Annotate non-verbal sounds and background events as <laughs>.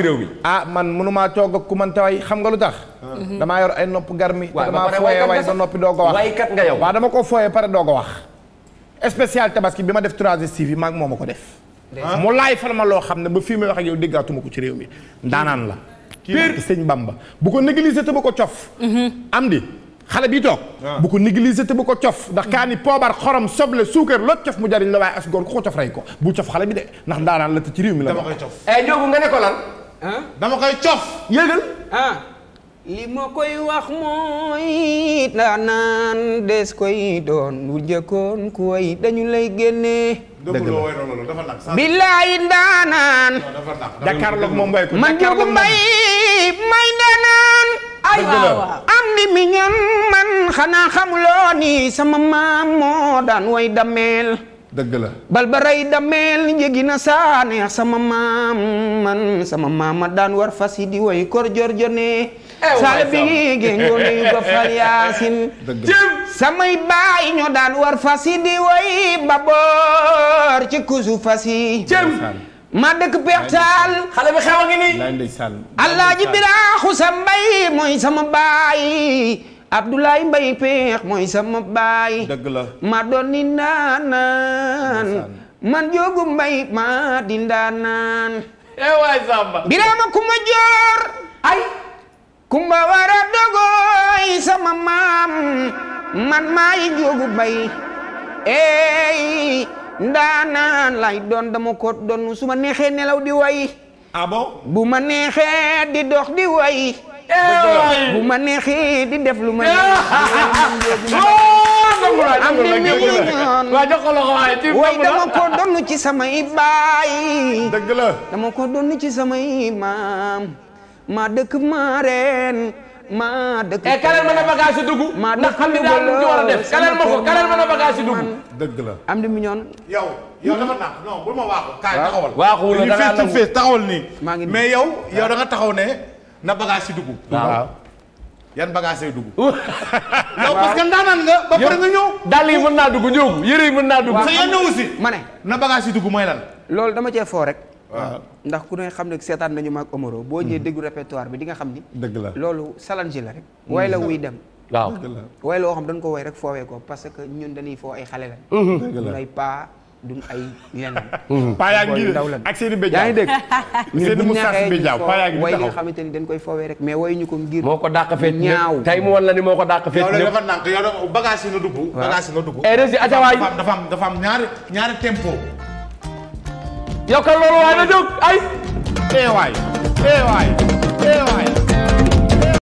ci réew mi ah man mënumaa toog ak ku man taway xam nga lu tax hmm. damaa yor ay nopp garmi damaa fooye way ba noppi doo a wax waykat nga yow waaw dama ko fooye pare doog a wax spécial tabaski bi ma def 3 si yi maag moo ma ko def mu laay fal ma loo xam ne ba fii may wax ak déggaatuma ko ci réew mi ndaanaan la piir sëñ Bamba bu ko négliger te bu ko cof mhm. am di bi toog ah. bu ko négliger te bu ko cof ndax kaani poobar xorom soble suukar lot cof mu jariñ la waaye as góor ko bu cof xale bi de ndax ndaanaan la te ci réew mi la koy eh, nga ne lan dama koy cof li ma koy wax mooy daa des koy doon bu njëkkoon ku way dañu lay génnee dëgg billaay daa naan jàkkaarloog moom mbay may daa am di mi ñam man xanaa xamuloo sama maam moo daan way dameel dëgg la bal ba rey dameel njëgi na sama maam man sama maam maama daan war fas yi di way kor jor jone eh, sala bi géngoone yu ko fal yaasin <laughs> samay baay ñoo daan war fas yi di way baboor ci kusu fas yi ma dëkk pextaal xale bi xew a ngi mooy sama baay Abdoulaye Mbaye Peex mooy sama baay. dëgg la ma doon ni ndaanaan. man joogu mbay ma di ndaanaan. <laughs> eh waay Samba. Birama Joor. ay. Kumba wara dogoy sama maam. man maay joogu mbay. ey ndaanaan lay doon dama ko doon su ma neexee nelaw di way. ah bu ma neexee di dox di way. bu ma neexee di def lu ma <laughs> oh, am na mi ñoon way dama ko donn ci samay baay dëgg la dama ko donn ci samay maam maa dëkk maa reen maa dëkk eh, kaleel ma na bagage si dugg a def kaleel la am na mi ñoon yow yow dafa naq non bul ma waaxu kaay taxawal waaxu la da nga taxawal nii mais yow yow da nga taxaw ne na bagage si yan bagage say dugg. <laughs> waaw yow parce dàll yi mën naa dugg ñëw yére yi mën naa ma ne na bagage si mooy lan. loolu dama cee foo rek. waaw ndax ku ne xam ne seetaan nañu maag Omaro mm-hmm. boo ñëwee déglu répertoire bi di nga xam ni. dëgg la loolu salange la rek. way la mm-hmm. wuy dem. waaw dëgg la way woo xam dañ ko woy rek foowee ko parce que ñun dañuy foo ay xale la. dëgg paa. duñ ay leneen. <laughs> paa yaa ngi ak seen i mbéjaaw yaa ngi dégg. seen i musaas mbéjaaw paa yaa ngi taxaw way nga xamante ni dañ koy foowee rek mais wayu ñu ko ngir. moo ko dàq feet ñaaw tey mu wan la ni moo ko dàq feet. ñëpp dafa nànk yow yi nga dugg. bagage nga dugg. et eh, rési aca waay dafa am dafa am ñaari ñaari tempo. yokkal loolu waay na jóg ay. eh waay eh, eh